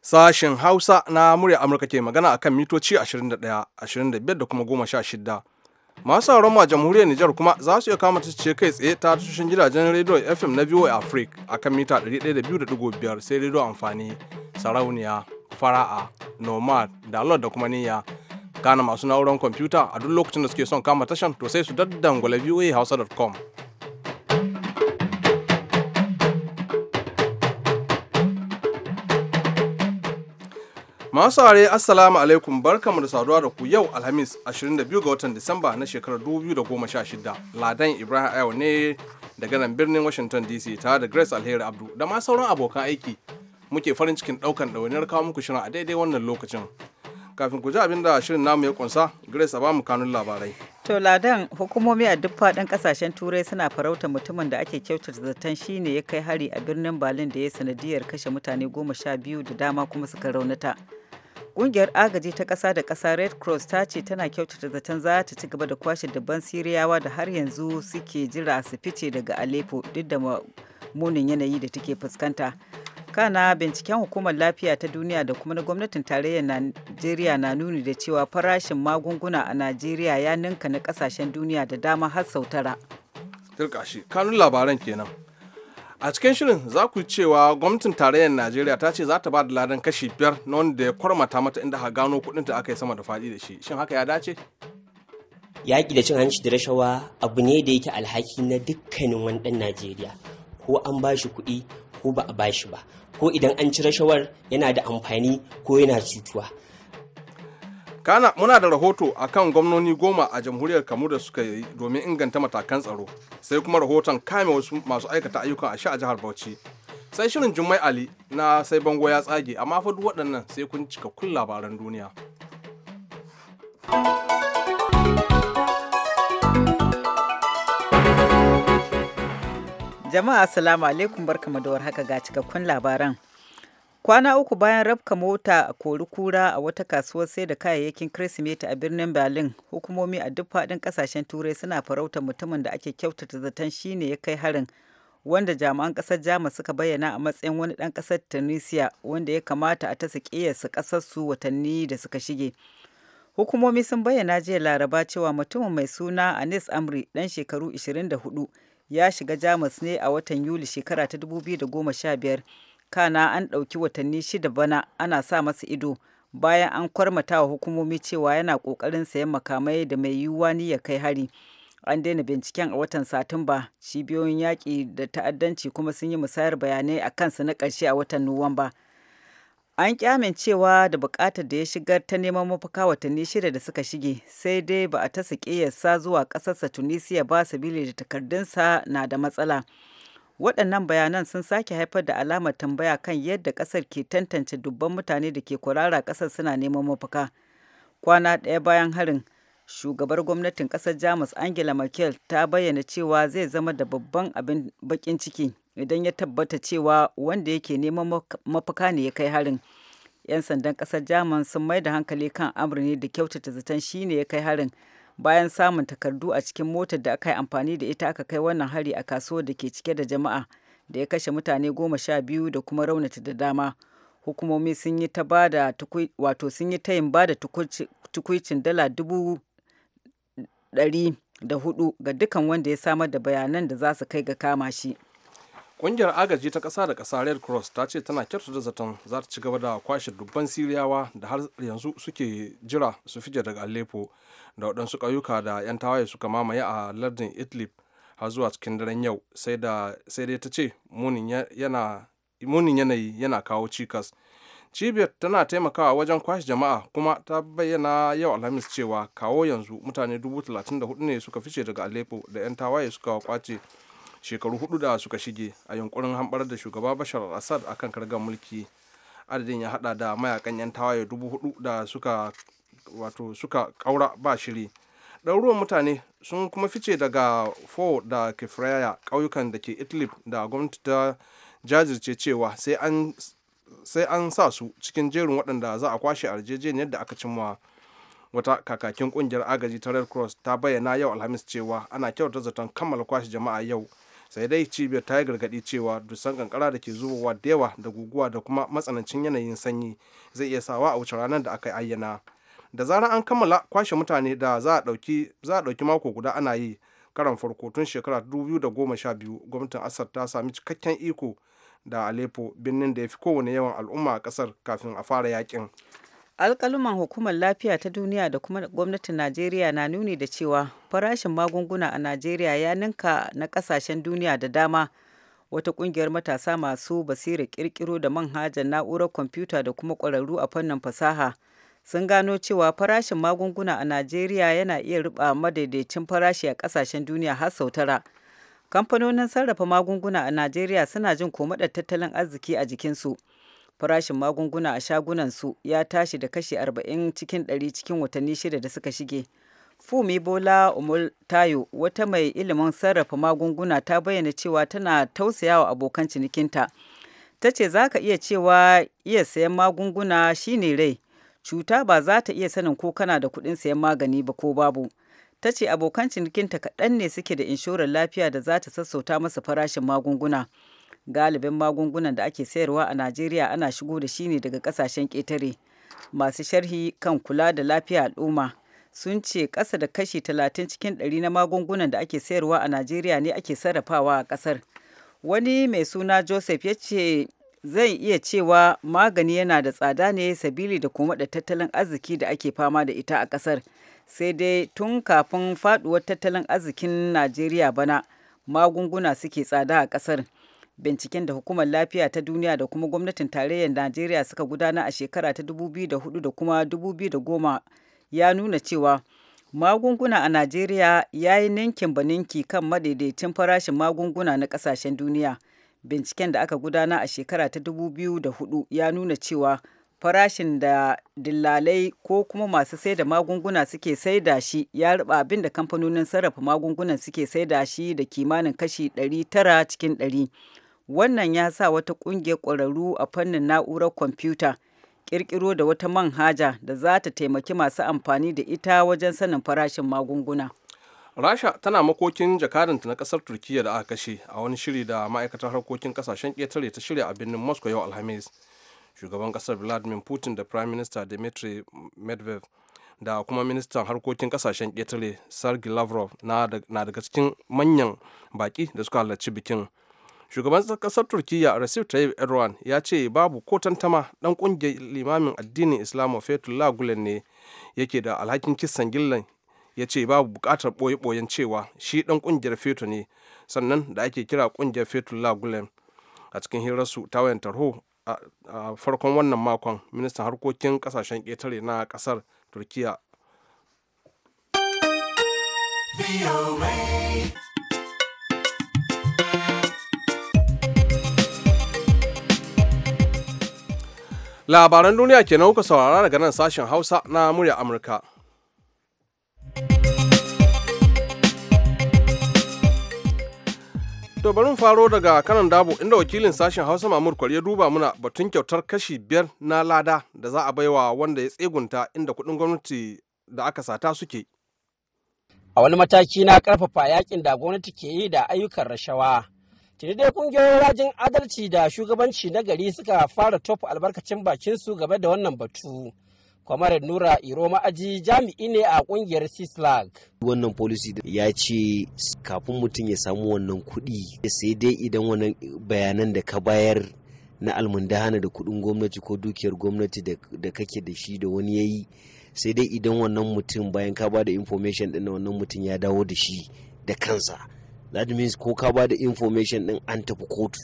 Sashen Hausa na murya Amurka ke magana a kan mitoci 21, 25 da kuma 16. Masu sauran a jamhuriyar Nijar kuma za su iya kama ce kai tsaye ta tashoshin gidajen rediyo FM na VOA Africa a kan mita 102.5 sai rediyo amfani, sarauniya, fara'a, nomad, dalot da kuma niyya. kana masu na'urar kwamfuta a duk lokacin da suke son kama tashan to sai su daddangwale voahausa.com Masu saurare Assalamu alaikum barkamu da saduwa da ku yau Alhamis 22 ga watan Disamba na shekarar 2016. Ladan Ibrahim Ayo ne daga nan birnin Washington DC tare da Grace Alheri Abdu da ma sauran abokan aiki muke farin cikin daukan ɗawainiyar kawo muku shirin a daidai wannan lokacin. kafin ku ji abin da shirin namu ya kunsa grace a ba mu kanun labarai to ladan hukumomi a duk faɗin ƙasashen turai suna farauta mutumin da ake kyautata zaton shi ne ya kai hari a birnin berlin da ya sanadiyar kashe mutane goma sha biyu da dama kuma suka raunata Ƙungiyar agaji ta ƙasa da ƙasa Red Cross ta ce tana kyautata zaton za ta ci gaba da kwashe dabban Siriyawa da har yanzu suke jira su fice daga Aleppo duk da munin yanayi da take fuskanta. kana binciken hukumar lafiya ta duniya da kuma na gwamnatin tarayyar najeriya na nuni da cewa farashin magunguna a najeriya ya ninka na kasashen duniya da dama har sau tara turkashi kanun labaran kenan a cikin shirin za ku cewa gwamnatin tarayyar najeriya ta ce za ta ba da ladan kashi biyar na wanda ya kwarmata mata inda ha gano kudin ta aka yi sama da fadi da shi shin haka ya dace yaƙi da cin hanci da rashawa abu ne da yake alhaki na dukkanin wani ɗan najeriya ko an ba shi kuɗi ko ba a ba shi ba ko idan an ci rashawar yana da amfani ko yana cutuwa kana muna da rahoto akan gwamnoni goma a jamhuriyar kamu da suka yi domin inganta matakan tsaro sai kuma rahoton kame wasu masu aikata ayyukan a a jihar bauchi sai shirin jummai ali na sai bango ya tsage amma fa duk waɗannan sai kun cika kun labaran duniya Jama'a assalamu alaikum barkamu da haka ga cikakkun labaran. Kwana uku bayan rabka mota a kori kura a wata kasuwar sai da kayayyakin Kirsimeti a birnin Berlin, hukumomi a duk faɗin ƙasashen Turai suna farautar mutumin da ake kyautata zaton shine ya kai harin, wanda jami'an ƙasar Jamus suka bayyana a matsayin wani ɗan ƙasar Tunisia wanda ya kamata a ta su ƙasarsu watanni da suka shige. Hukumomi sun bayyana jiya Laraba cewa mutumin mai suna Anis Amri ɗan shekaru 24 ya shiga Jamus ne a watan Yuli shekara ta 2015. Kana an ɗauki watanni shida bana ana sa masa ido bayan an kwarmata wa hukumomi cewa yana ƙoƙarin sayan makamai da mai yiwuwa ya kai hari. An daina binciken a watan Satumba, cibiyoyin yaƙi da ta'addanci kuma sun yi musayar bayanai a kansa na ƙarshe a watan Nuwamba. an ƙi amincewa da buƙatar da ya shigar ta neman mafaka watanni shida da suka shige sai dai ba a ta sa zuwa ƙasarsa tunisia ba sabili da takardunsa na da matsala waɗannan bayanan sun sake haifar da alamar tambaya kan yadda ƙasar ke tantance dubban mutane da ke kwarara ƙasar suna neman mafaka kwana ɗaya bayan harin shugabar gwamnatin ƙasar jamus angela merkel ta bayyana cewa zai zama da babban abin baƙin ciki idan ya tabbata cewa wanda yake neman mafaka ne ya kai harin 'yan sandan kasar jamus sun mai da hankali kan amurne da kyautata zaton ne ya kai harin bayan samun takardu a cikin motar da aka yi amfani da ita aka kai wannan hari a kasuwar da ke cike da jama'a da ya kashe mutane goma sha biyu da kuma raunata da dama hukumomi sun yi ta bada wato sun yi tayin bada tukuicin dala dubu ɗari da hudu ga dukkan wanda ya samar da bayanan da za su kai ga kama shi. ƙungiyar agaji ta kasa da kasa red cross ta ce tana kyautata zaton za ta ci gaba da kwashe dubban siriyawa da har yanzu suke jira su fice daga aleppo da waɗansu ƙauyuka da 'yan tawaye suka mamaye a lardin idlib har zuwa cikin daren yau sai dai ta ce munin yanayi yana kawo cikas cibiyar tana taimakawa wajen kwashe jama'a kuma ta bayyana yau alhamis cewa kawo yanzu mutane dubu 34 ne suka fice daga aleppo da 'yan tawaye suka kwace shekaru hudu da suka shige a yunkurin hambar da shugaba bashar al-assad akan kargar mulki adadin ya hada da mayakan yan tawaye dubu hudu da suka wato suka kaura ba shiri ɗaruruwan mutane sun kuma fice daga fo da kifraya ƙauyukan da ke italy da gwamnati ta jajirce cewa sai an sa su cikin jerin waɗanda za a kwashe a yarjejeniyar da aka cimma wata kakakin kungiyar agaji ta red cross ta bayyana yau alhamis cewa ana kyauta zaton kammala kwashe jama'a yau sai dai cibiyar ta yi gargaɗi cewa dusan kankara da ke zubowa da yawa da guguwa da kuma matsanancin yanayin sanyi zai iya sawa a wuce ranar da aka ayyana da zarar an kammala kwashe mutane da za a ɗauki mako guda ana yi karan farko tun shekara 2012 gwamnatin asar ta sami cikakken iko da alepo birnin da ya fi kowane yawan al'umma a kasar kafin a fara yakin alkaluman hukumar lafiya ta duniya da kuma gwamnatin najeriya na nuni da cewa farashin magunguna a najeriya ya ninka na kasashen duniya da dama wata kungiyar matasa masu basira kirkiro da manhajar na'urar kwamfuta da kuma ƙwararru a fannin fasaha sun gano cewa farashin magunguna a najeriya yana iya riba madaidaicin farashi a kasashen duniya har sau tara kamfanonin sarrafa magunguna a najeriya suna jin komadar tattalin arziki a jikinsu farashin magunguna a shagunansu ya tashi da kashi 40 cikin 100 cikin watanni shida da suka shige. Fumi Bola Umultayo wata mai ilimin sarrafa magunguna ta bayyana cewa tana tausayawa abokan cinikinta. Ta ce za ka iya cewa iya sayan magunguna shine rai, cuta ba za ta iya sanin ko kana da kuɗin sayan magani ba ko babu. Ta ce abokan cinikinta kaɗan ne suke da inshorar lafiya da za ta sassauta masa farashin magunguna. galibin magungunan da ake sayarwa a najeriya ana shigo da shi ne daga kasashen ƙetare masu sharhi kan kula da lafiya al'umma sun ce ƙasa da kashi talatin cikin ɗari na magungunan da ake sayarwa a najeriya ne ake sarrafawa a ƙasar wani mai suna joseph ya ce zai iya cewa magani yana da tsada ne sabili da kuma da tattalin arziki da ake fama da ita a ƙasar sai dai tun kafin faduwar tattalin arzikin najeriya bana magunguna suke tsada a ƙasar binciken da hukumar lafiya ta duniya da kuma gwamnatin tarayyar najeriya suka gudana a shekara ta 2004 da kuma 2010 ya nuna cewa magunguna a najeriya ya yi ninkin baninki kan madaidaicin farashin magunguna na kasashen duniya binciken da aka gudana a shekara ta 2004 ya nuna cewa farashin da dillalai ko kuma masu sai da magunguna suke saida shi ya riba abin da kamfanonin sarrafa magungunan suke saida shi da kimanin kashi 900 cikin 100 Wannan ya sa wata ƙungiyar ƙwararru a fannin na'urar kwamfuta ƙirƙiro da wata manhaja da za ta taimaki masu amfani da ita wajen sanin farashin magunguna. Rasha tana makokin jakadanta na ƙasar Turkiyya da aka kashe a wani shiri da ma'aikatar harkokin ƙasashen ƙetare ta shirya a birnin Moscow yau Alhamis. Shugaban ƙasar Vladimir Putin da Prime Minister Dmitry Medvedev da kuma ministan harkokin ƙasashen ƙetare sergei lavrov na daga cikin manyan baki da suka halarci bikin shugaban kasar turkiyya recep tayyip erdogan ya ce babu ko tantama dan kungiyar limamin addinin islamu fetullah gulen ne yake da alhakin kisan gillan ya ce babu bukatar ɓoye boyen cewa shi dan kungiyar fetu ne sannan da ake kira kungiyar fetullah gulen a cikin hirarsu ta wayan tarho a farkon wannan makon ministan harkokin kasashen ketare na kasar turkiyya labaran duniya nan kuka saurara daga nan sashen hausa na murya amurka To bari faro daga kanan dabo inda wakilin sashen Hausa Mamur ya duba muna batun kyautar kashi biyar na lada da za a baiwa wanda ya tsegunta inda kuɗin gwamnati da aka sata suke. A wani mataki na karfafa yakin da gwamnati ke yi da ayyukan rashawa. Tiri dai kungiyoyin rajin adalci da shugabanci na gari suka fara tofa albarkacin su game da wannan batu. kwamar nura iro ma'aji jami'i ne a kungiyar cislag wannan policy ya ce kafin mutum ya samu wannan kuɗi sai dai idan wannan bayanan da ka bayar na almundahana da kuɗin gwamnati ko dukiyar gwamnati da kake da shi da wani yayi sai dai idan wannan mutum bayan ka ba da information ɗin wannan mutum ya dawo da shi da kansa that means ko ka ba da information din an tafi kotu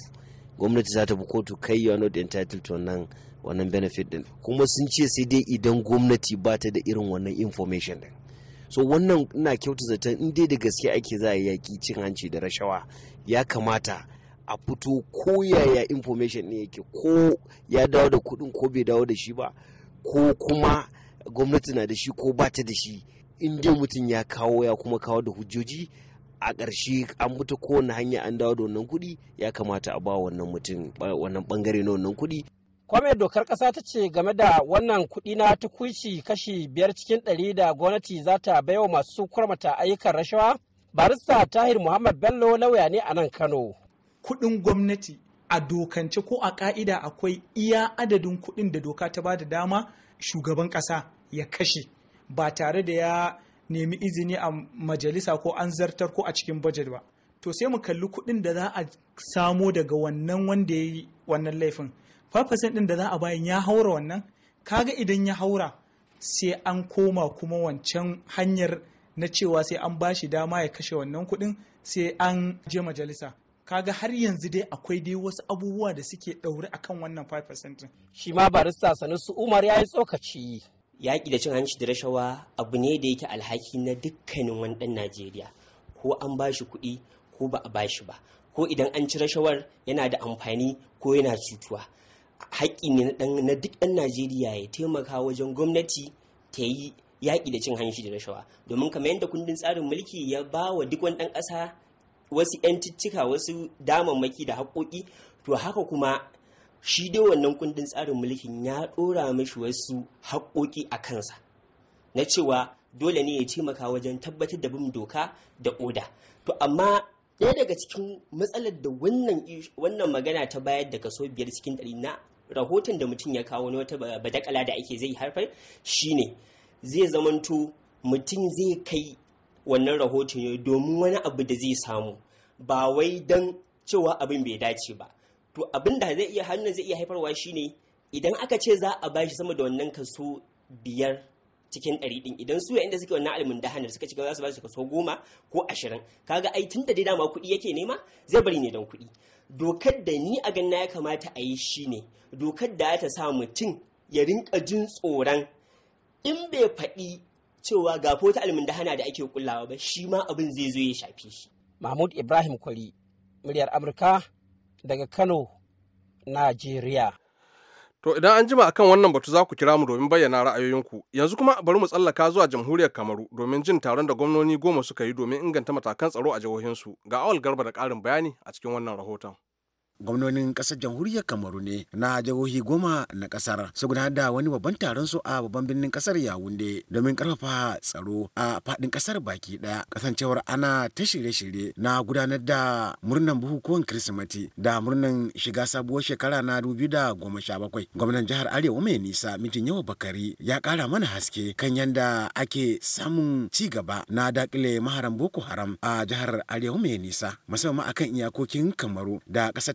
gwamnati za ta bi kotu kai you are not entitled to wannan wannan benefit din kuma sun ce sai dai idan gwamnati ba ta da irin wannan information din so wannan ina kyautu zaton in dai da gaske ake za a yaki cin hanci da rashawa ya kamata a fito ko yaya information ne yake ko ya dawo da kudin ko bai dawo da shi ba ko kuma gwamnati na da shi ko ba ta da shi in dai mutum ya kawo ya kuma kawo da hujjoji a ƙarshe an mutu kowane hanya an dawo da wannan kuɗi ya kamata a ba wannan mutum wannan ɓangare na wannan kuɗi. kwame dokar ƙasa ta ce game da wannan kuɗi na tukuici kashi biyar cikin ɗari da gwamnati za ta baiwa masu kurmata ayyukan rashawa barista tahir muhammad bello lauya ne a nan kano. kuɗin gwamnati a dokance ko a ƙa'ida akwai iya adadin kuɗin da doka ta ba da dama shugaban ƙasa ya kashe ba tare da ya nemi izini a majalisa ko an zartar ko a cikin budget ba to sai mu kalli kuɗin da za a samo daga wannan wanda ya yi wannan laifin fafasin ɗin da za a bayan ya haura wannan kaga idan ya haura sai an koma kuma wancan hanyar na cewa sai an bashi dama ya kashe wannan kuɗin sai an je majalisa kaga har yanzu dai akwai dai wasu abubuwa da suke ɗaure akan wannan 5% shi ma barista sanusu umar ya yi tsokaci yaƙi da cin hanci da rashawa abu ne da yake alhaki na dukkanin wani ɗan najeriya ko an ba shi kuɗi ko ba a ba shi ba ko idan an ci rashawar yana da amfani ko yana cutuwa haƙƙi ne na duk ɗan najeriya ya taimaka wajen gwamnati ta yi yaƙi da cin hanci da rashawa domin kamar yadda kundin tsarin mulki ya ba wa duk wani ɗan ƙasa wasu 'yan wasu damammaki da haƙoƙi to haka kuma shi dai wannan kundin tsarin mulkin ya ɗora mashi wasu haƙoƙi a kansa na cewa dole ne ya taimaka wajen tabbatar da bin doka da oda to amma ɗaya daga cikin matsalar da wannan magana ta bayar daga kaso biyar cikin ɗari na rahoton da mutum ya kawo na wata badakala da ake zai haifar ne zai zamanto mutum zai kai wannan rahoton domin wani abu da zai samu ba wai don cewa abin bai dace ba to abin da zai iya hannun zai iya haifarwa shine idan aka ce za a bashi sama da wannan kaso biyar cikin ɗari ɗin idan su yayin da suke wannan alimin hannun suka cika za su ba kaso goma ko ashirin kaga ai tun da dai dama kuɗi yake nema zai bari ne don kuɗi dokar da ni a ganna ya kamata a yi shine dokar da ta sa mutum ya rinka jin tsoron in bai faɗi cewa ga fota alimin hana da ake kullawa ba shi ma abin zai zo ya shafe shi mahmud ibrahim kwari muryar amurka daga Kano, Najeriya. To idan an jima akan wannan batu za ku kira mu domin bayyana ra'ayoyinku. Yanzu kuma bari mu tsallaka zuwa jamhuriyar Kamaru domin jin taron da gwamnoni goma suka yi domin inganta matakan tsaro a jihohinsu. Ga awal garba da ƙarin bayani a cikin wannan rahoton. gwamnonin kasar jamhuriyar kamaru ne na jihohi goma na kasar su gudanar da wani babban taron su a babban birnin kasar yawunde domin karfafa tsaro a fadin kasar baki daya kasancewar ana ta shirye-shirye na gudanar da murnan bukukuwan kirsimati da murnan shiga sabuwar shekara na da goma sha bakwai. gwamnan jihar arewa mai nisa mijin yawa bakari ya kara mana haske kan yadda ake samun ci gaba na dakile maharan boko haram a jihar arewa mai nisa musamman akan iyakokin kamaru da kasar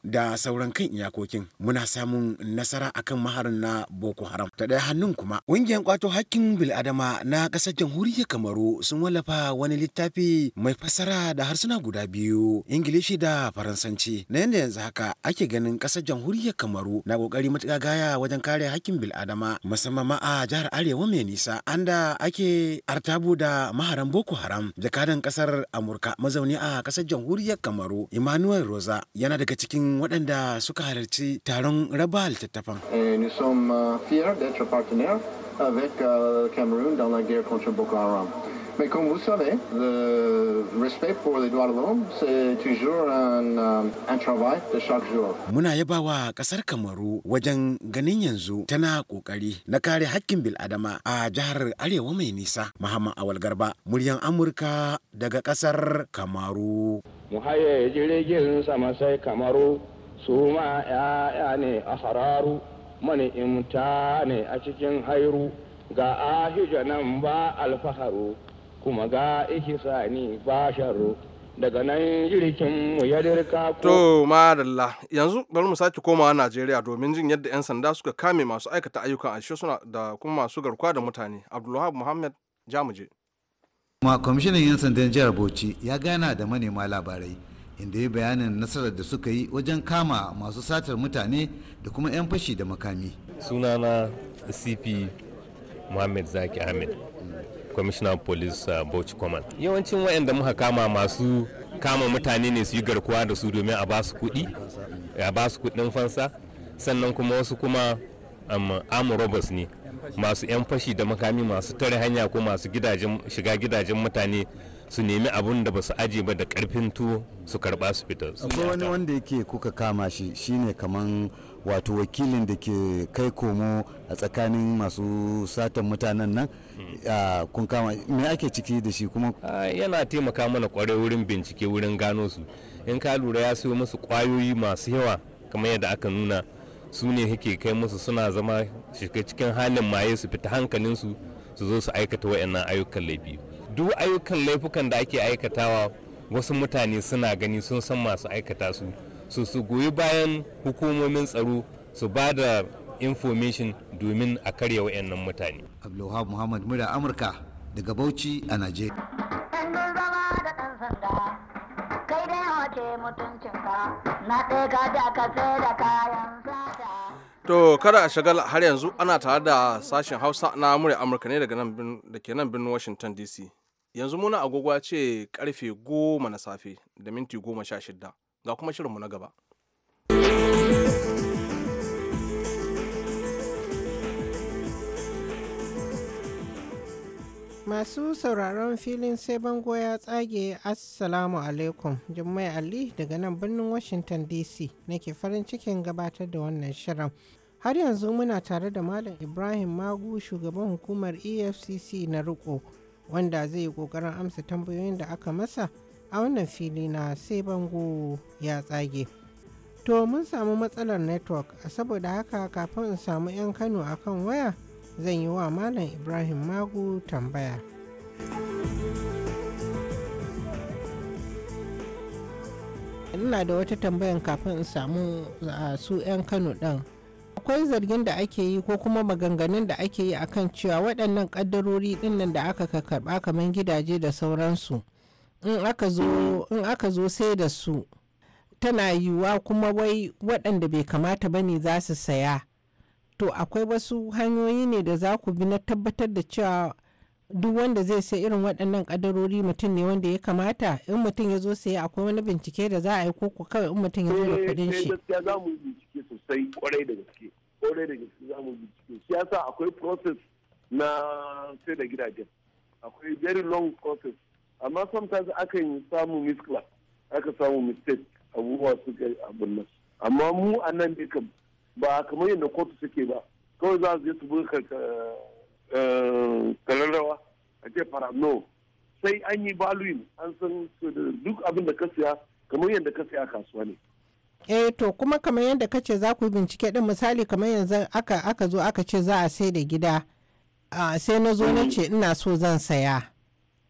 da sauran kan iyakokin muna samun nasara akan maharin na boko haram ta ɗaya hannun kuma ƙungiyar kwato hakkin biladama na ƙasar jamhuriyar kamaru sun wallafa wani littafi mai fassara da harsuna guda biyu ingilishi da faransanci na yadda yanzu haka ake ganin ƙasar jamhuriyar kamaru na ƙoƙari matuƙa gaya wajen kare hakkin biladama musamman ma a jihar arewa mai nisa an da ake artabu da maharan boko haram jakadan ƙasar amurka mazauni a ƙasar jamhuriyar kamaru emmanuel rosa yana daga cikin waɗanda suka halarci taron raba littattafan. Euh, avec euh, Cameroun dans la guerre contre Boko Haram. Mais comme vous savez, le respect pour les droits de l'homme, c'est toujours un, euh, un travail de chaque jour. Muna yaba wa kasar Kamaru wajen ganin yanzu tana kokari na kare hakkin bil'adama a jihar Arewa mai nisa. Muhammad Awal Garba, muryan Amurka daga kasar Kamaru. Mu haye jirgin sama sai Kamaru, su ma 'ya'ya ne a hararu, imta ne a cikin hairu, ga ahija nan ba alfaharu. kuma ga ishi ba basharo daga nan jirgin mu ya dirka ko to madalla yanzu bari mu sake komawa Najeriya domin jin yadda yan sanda suka kame masu aikata ayyukan ashe suna da kuma masu garkuwa da mutane Abdulwahab Muhammad Jamuje kuma kwamishinan yan sandan jihar Bauchi ya gana da manema labarai inda ya bayanin nasarar da suka yi wajen kama masu satar mutane da kuma 'yan fashi da makami sunana cp muhammad zaki ahmed kwamishinan police uh, bauchi command yawancin wayanda muka kama masu kama mutane ne su yi garkuwa da su domin a basu kudi a basu kuɗin fansa sannan kuma wasu kuma um, amu robbers ne masu 'yan fashi da makami masu tare hanya ko masu shiga gidajen mutane su nemi abun da basu su ba da karfin tuwo su karba su fita akwai wani wanda yake kuka kama shi shine kaman wato wakilin da ke kai komo a tsakanin masu satan mutanen nan hmm. kun kama me ake ciki da shi kuma yana taimaka mana kwarai wurin bincike wurin gano su in ka lura ya sayo musu kwayoyi masu yawa kamar yadda aka nuna su ne yake kai musu suna zama shiga cikin halin maye su fita hankalinsu su zo su aikata waɗannan ayyukan laifi duk ayyukan laifukan da ake aikatawa wasu mutane suna gani sun san masu aikata su su su goyi bayan hukumomin tsaro su ba da information domin a karya wayannan mutane. Abdulwahab Muhammad Mura Amurka daga Bauchi a Najeriya. To kada a shagal har yanzu ana tare da sashen Hausa na murya Amurka ne daga nan da ke nan birnin Washington DC. yanzu muna agogo ce karfe goma na safe da minti goma sha shida ga kuma shirinmu na gaba masu sauraron filin sai bango ya tsage assalamu alaikum jummai ali daga nan birnin washington dc nake farin cikin gabatar da wannan shirin har yanzu muna tare da malam ibrahim magu shugaban hukumar efcc na riko wanda zai yi ƙoƙarin amsa tambayoyin da aka masa a wannan fili na sai bango ya tsage. To mun samu matsalar network a saboda haka kafin in samu 'yan Kano akan waya zan yi wa Malam Ibrahim Magu tambaya. Ina da wata tambayan kafin in samu ah, su 'yan Kano ɗin. akwai zargin da ake yi ko kuma maganganun da ake yi akan cewa waɗannan ƙaddarori ɗinnan da aka karɓa kamar gidaje da sauransu in aka zo sai da su tana yiwuwa kuma wai waɗanda bai kamata ba ne za su saya to akwai wasu hanyoyi ne da za ku bi na tabbatar da cewa duk wanda zai sai irin waɗannan ƙaddarori mutum ne wanda ya kamata in mutum ya zo saya akwai wani bincike da za a yi ko kawai in mutum ya zo da kuɗin shi. Eh, eh, kore da gaske za mu bincike shi yasa akwai process na sai da gidajen akwai very long process amma sometimes akan samu misclass aka samu mistake abubuwa suka abin nan amma mu a nan ne kam ba kamar yadda kotu suke ba kawai za su je su buga eh, kararrawa a ce fara no sai an yi baluin an san duk abin da ka siya kamar yadda ka siya kasuwa ne eh to kuma kamar yadda ka ce za ku bincike din misali kamar yanzu aka zo aka ce za a sai da gida sai na zo na ce ina so zan saya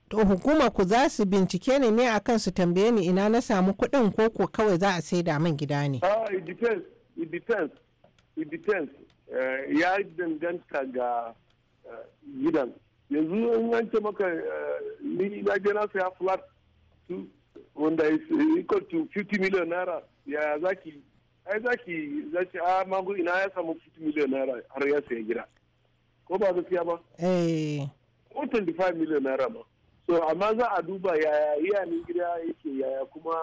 to hukuma ku za su bincike ni ne akan su tambaye ni ina na samu kuɗin ko ko kawai za a sai da man gida ne ah, it depends it depends it depends eh, ya danganta ga eh, gidan yanzu in an ce maka eh, ni na je na saya flat wanda is equal to 50 million naira ya zaki ai zaki zaki a magu ina ya samu 50 miliyan naira har ya saya gida ko ba gaskiya ba eh ko 25 miliyan naira ma so amma za a duba yaya iyanin gida yake yaya kuma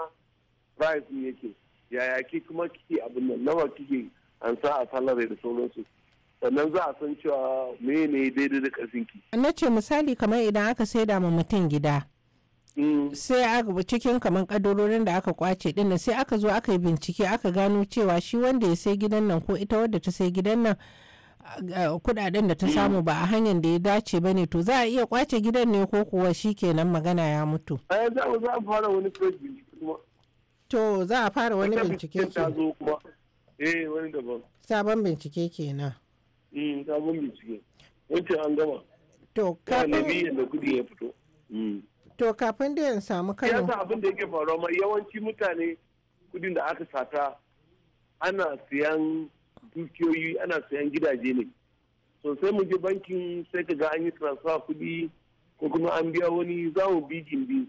price yake yaya ki kuma kike abin nan nawa kike an sa a salary da sauransu sannan za a san cewa mene daidai da kasinki Na ce misali kamar idan aka saida ma mutum gida Mm. sai aka cikin kamar kadarorin da aka kwace din sai aka zo aka yi bincike aka gano cewa shi wanda ya sai gidan nan ko ita wadda ta sai gidan nan kudaden da ta mm. samu ba a hanyar da ya dace ba ne to za a iya kwace gidan ne ko kuwa shi kenan magana ya mutu eh, za a fara wani to za a fara wani bincike ke eh, sabon bincike kenan mm, sabon bincike wancan an gama to kafin da kudi ya fito To kafin da yin samu Kano. sa abin da yake faruwa ma yawanci mutane kudin da aka sata ana siyan dukiyoyi ana siyan gidaje ne. sosai sai mu je bankin sai ka ga an yi transfer kudi ko kuma an biya wani za mu bi gindi.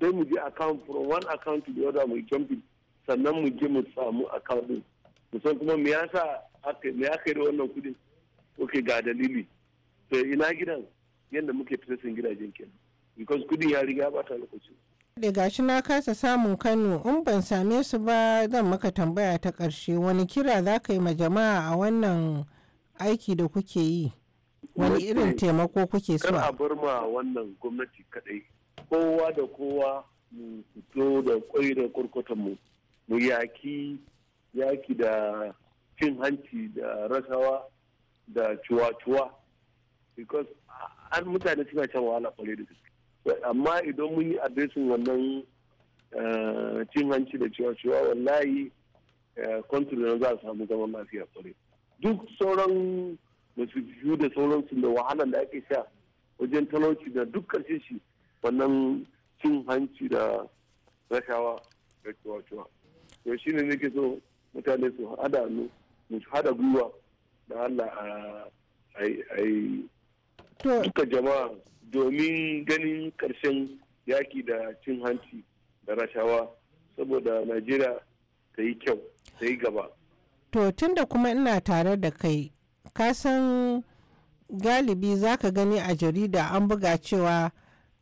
Sai mu je account from one account to the other mu jumping sannan mu je mu samu account din. Musan kuma me yasa me aka yi da wannan kudin? Ok ga dalili. To ina gidan yadda muke tracing gidajen kenan. because kudin ya riga bata lokaci da gashi na kasa samun kano in ban same su ba zan maka tambaya ta karshe wani kira za ka yi ma jama'a a wannan aiki da kuke yi wani irin taimako kuke so a bar ma wannan gwamnati kadai kowa da kowa mu fito da kwai da kurkutan mu mu yaki yaki da cin hanci da rasawa da cuwa-cuwa because an mutane suna cewa wahala kwale da gaske amma idan mun yi adresin wannan eh, cin hanci da cewa cewa wallahi eh, country na za a samu zama lafiya kwarai duk sauran masu da sauran da wahala da ake sha wajen talauci da duk karshe shi wannan cin hanci da rashawa da cewa to shi ne nake so mutane su hada mu hada gwiwa da Allah a yi duka jama'a domin ganin karshen yaki da cin hanci da rashawa saboda najeriya ta yi kyau ta yi gaba to tun da kuma ina tare da kai ka san galibi za ka gani a jarida an buga cewa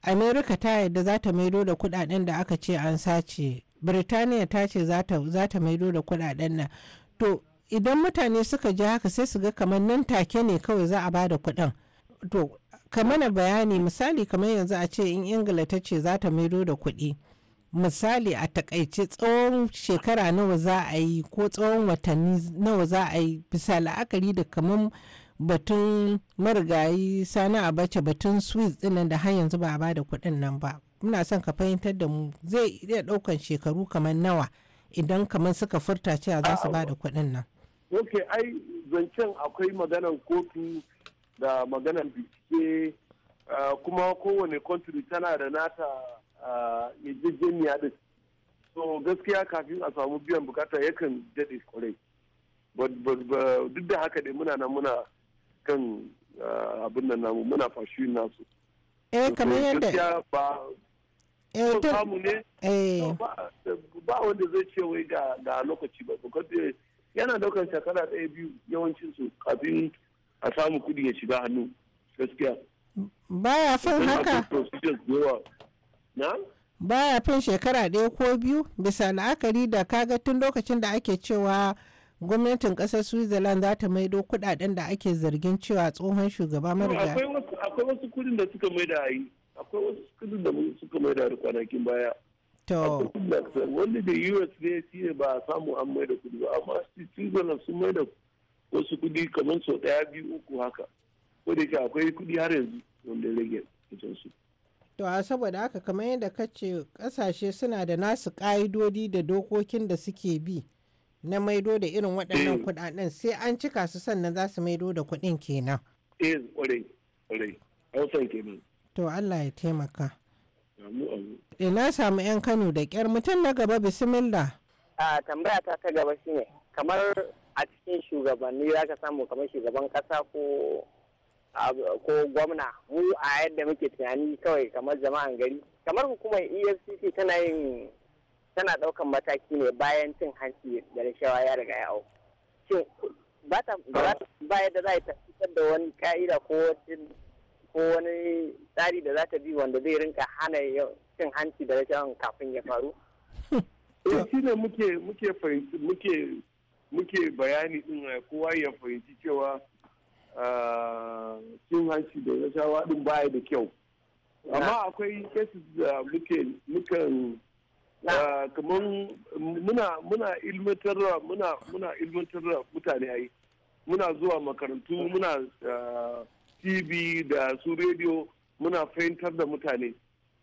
amerika ta yadda za ta maido da kudaden da aka ce an sace birtaniya ta ce za ta maido da kudaden nan to idan mutane suka ji haka sai su ga kamar nan take ne kawai za a ba da kudin to ka mana bayani misali kamar yanzu a ce in ingila ta ce za ta maido da kuɗi misali a takaice tsawon shekara nawa za a yi ko tsawon watanni nawa za a yi bisa la'akari da kamar batun marigayi sani bace batun swiss dinnan da har yanzu ba a ba da kuɗin nan ba muna son ka fahimtar da mu zai iya ɗaukan shekaru kamar nawa idan kamar suka furta cewa za su bada kuɗin nan ah, ok ai zancen akwai maganan kotu da maganan bincike uh, kuma kowane country tana da nata uh, yajejeniya da so gaskiya kafin a samu biyan bukata yakan daɗe kwarai duk da haka dai muna nan muna kan uh, abin nan muna fashi nasu eh kamar yadda ba eh to samu ne eh. ba wanda zai ce wai ga lokaci ba eh, yana daukan shekara ɗaya biyu yawancin su kafin a samu kudi ya shiga hannu gaskiya baya fin haka baya fin shekara ɗaya ko biyu bisa la'akari da kaga tun lokacin da ake cewa gwamnatin ƙasar switzerland za ta maido kuɗaɗen da ake zargin cewa tsohon shugaba mariga akwai wasu kudin da suka maida a yi akwai wasu kudin da suka maida a kwanakin baya to wanda da us ne shi ba a samu an maida kudi ba amma switzerland sun maida wasu kuɗi kamar sau ɗaya biyu uku haka ko da yake akwai kuɗi har yanzu wanda rage kusan su. To a saboda haka kamar yadda ka ce kasashe suna da nasu ka'idodi da dokokin da suke bi na maido da irin waɗannan eh. kuɗaɗen sai an cika su sannan za su maido da kuɗin kenan. Eh ƙwarai ƙwarai hausan kenan. To Allah ya taimaka. Ina e, samu 'yan Kano da ƙyar mutum na gaba bismillah. A tambaya ta ta gaba shine kamar a cikin shugabanni za ka samu kamar shugaban kasa ko ko gwamna mu a yadda muke tunani kawai kamar jama'an gari kamar hukumar efcc tana yin tana daukan mataki ne bayan cin hanci da rashawa ya riga ya shin ba ta ba yadda za ta fitar da wani ka'ida ko ko wani tsari da za ta bi wanda zai rinka hana cin hanci da rashawan kafin ya faru shi ne muke muke muke muke bayani din eh, kowa ya fahimci cewa eh, cin hanci da rashawa din baya da kyau amma akwai cases da muke mukan eh, kamar muna muna ilmantarwa muna muna ilmantarwa mutane ai muna zuwa makarantu muna tv da su rediyo muna fahimtar da mutane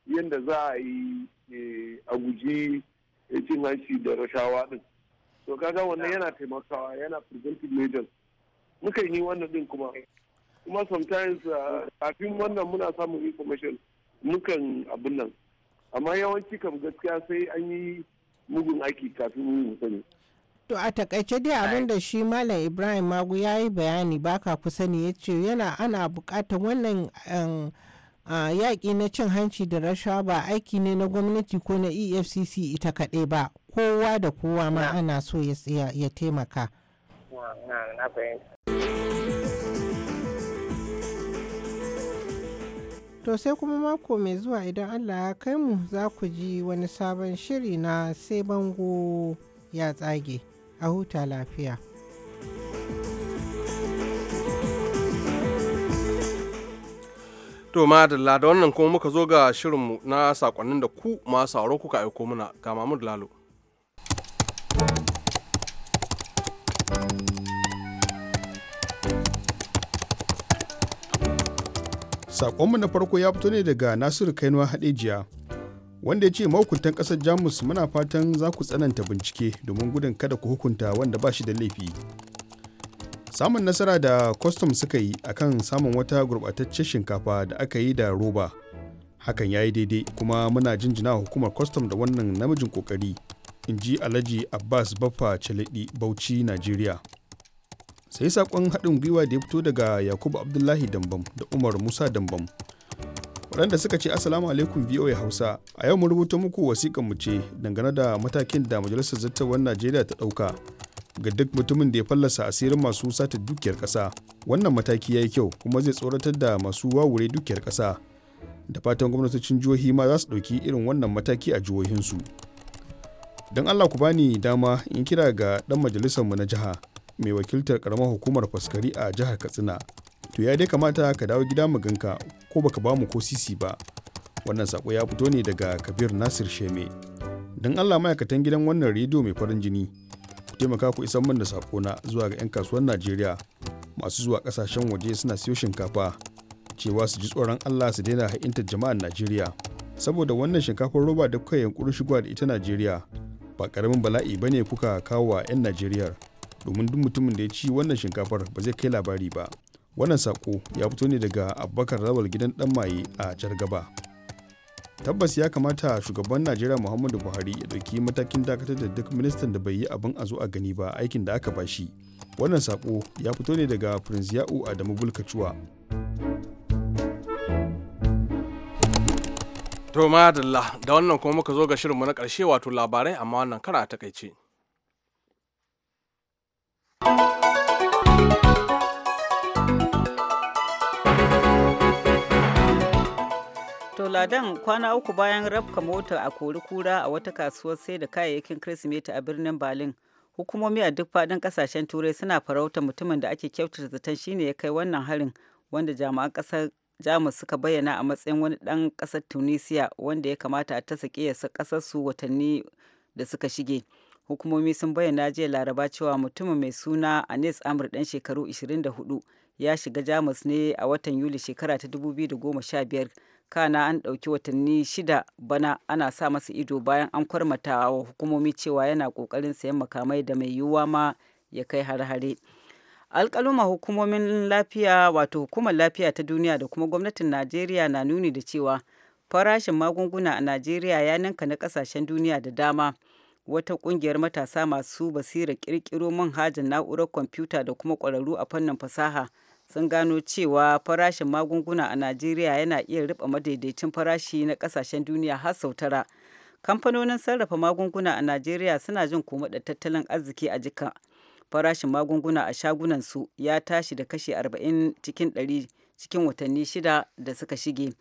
yadda za a yi a guji cin hanci da rashawa din to kaga wannan yana taimakawa yana preventive measures muka yi wannan din kuma kuma sometimes uh, kafin wannan muna samun information mukan abin nan amma yawanci kam gaskiya sai an yi mugun aiki kafin mu sani To a takaice dai abin da shi Malam Ibrahim Magu ya yi bayani baka kusa ne ya ce yana ana bukatar wannan um, a yaƙi na cin hanci da rasha ba aiki ne na gwamnati ko na efcc ita kaɗai ba kowa da kowa ma ana so ya taimaka to sai kuma mako mai zuwa idan allah ya kai mu za ku ji wani sabon shiri na sai bango ya tsage a huta lafiya. To madalla da wannan kuma muka zo ga shirinmu na sakonnin da ku masu sauro kuka aiko muna ga Mahmud Lalo. Sakonmu na farko ya fito ne daga Nasiru Kainuwa Hadejiya wanda ya ce mahukuntan ƙasar Jamus muna fatan za ku tsananta bincike domin gudun kada ku hukunta wanda ba shi da laifi. samun nasara da kwastam suka yi akan samun wata gurɓataccen shinkafa da aka yi da roba hakan ya yi daidai kuma muna jinjina hukumar kwastam da wannan namijin kokari in ji alhaji abbas baffa chaledi bauchi nigeria sai sakon haɗin gwiwa da ya fito daga yakubu abdullahi dambam da umar musa dambam waɗanda suka ce asalamu alaikum voa hausa a yau mu rubuta muku wasiƙan mu ce dangane da matakin da majalisar zattawan najeriya ta ɗauka ga duk mutumin da ya fallasa asirin masu sata dukiyar ƙasa wannan mataki ya yi kyau kuma zai tsoratar da masu wawure dukiyar ƙasa da fatan gwamnatocin jihohi ma za su ɗauki irin wannan mataki a jihohinsu don allah ku bani dama in kira ga ɗan majalisarmu na jiha mai wakiltar ƙaramar hukumar faskari a jihar katsina to ya dai kamata ka dawo gida mu ganka ko baka ba mu ko sisi ba wannan sako ya fito ne daga kabir nasir sheme don allah ma'aikatan gidan wannan rediyo mai farin jini ku taimaka ku isan min da na zuwa ga 'yan kasuwar najeriya masu zuwa kasashen waje suna siyo shinkafa cewa su ji tsoron allah su daina ha'inta jama'an najeriya saboda wannan shinkafar roba da kuka yankurin shigowa da ita najeriya ba karamin bala'i ba ne kuka kawo wa 'yan najeriya domin duk mutumin da ya ci wannan shinkafar ba zai kai labari ba wannan sako ya fito ne daga abubakar rawar gidan dan maye a jargaba. tabbas ya kamata shugaban najeriya muhammadu buhari ya ɗauki matakin dakatar da duk ministan da bai yi abin a zo a gani ba aikin da aka bashi wannan sako ya fito ne daga prince ya'u adamu bulkacuwa to madalla da wannan kuma muka zo ga shirinmu na ƙarshe wato labarai amma wannan kara a takaice To Ladan kwana uku bayan rabka mota a kori kura a wata kasuwar sai da kayayyakin Kirsimeti a birnin Berlin. Hukumomi a duk fadin kasashen Turai suna farauta mutumin da ake kyautata zaton shine ya kai wannan harin wanda jami'an kasar Jamus suka bayyana a matsayin wani dan kasar Tunisia wanda ya kamata a ta sake su watanni da suka shige. Hukumomi sun bayyana jiya Laraba cewa mutumin mai suna anes amur dan shekaru 24 ya shiga Jamus ne a watan Yuli shekara ta 2015 kana an ɗauki watanni shida bana ana sa masa ido bayan an kwarmata wa hukumomi cewa yana ƙoƙarin sayan makamai da mai yiwuwa ma ya kai har-hare alƙaluma hukumomin lafiya wato hukumar lafiya ta duniya da kuma gwamnatin najeriya na nuni da cewa farashin magunguna a najeriya ya ninka na ƙasashen duniya da dama wata ƙungiyar matasa masu basira ƙirƙiro manhajar na'urar kwamfuta da kuma ƙwararru a fannin fasaha sun gano cewa farashin magunguna a Najeriya yana iya riba madaidaicin farashi na kasashen duniya har sau tara. Kamfanonin sarrafa magunguna a Najeriya suna jin koma da tattalin arziki a jika. Farashin magunguna a shagunansu ya tashi da kashi arba'in cikin 100 cikin watanni shida da suka shige.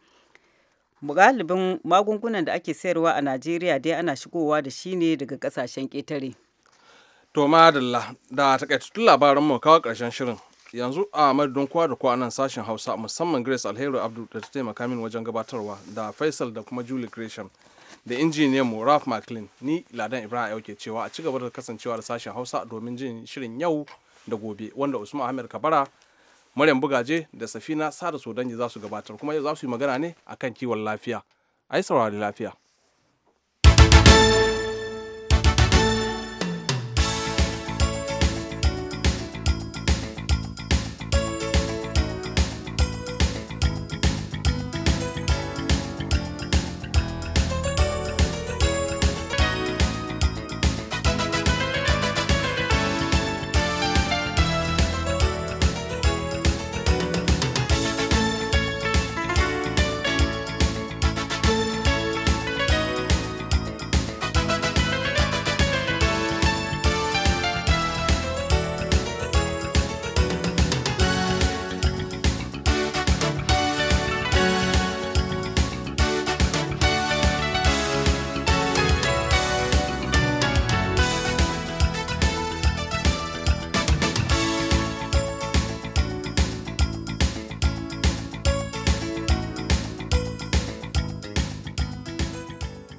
Galibin magungunan da ake sayarwa a Najeriya dai ana shigowa da shi ne daga kasashen ƙetare. To madalla da takaitattun labaran mu kawo ƙarshen shirin yanzu a madadin kowa da kowa nan sashen hausa musamman grace alheru abdul da ta taimaka min wajen gabatarwa da faisal da kuma julie gresham da injiniyan mu ralph mclean ni ladan ibrahim yauke cewa a cigaba da kasancewa da sashen hausa domin jin shirin yau da gobe wanda usman ahmed kabara maryam bugaje da safina sada sodanji za su gabatar kuma yau za su yi magana ne akan kiwon lafiya a yi saurari lafiya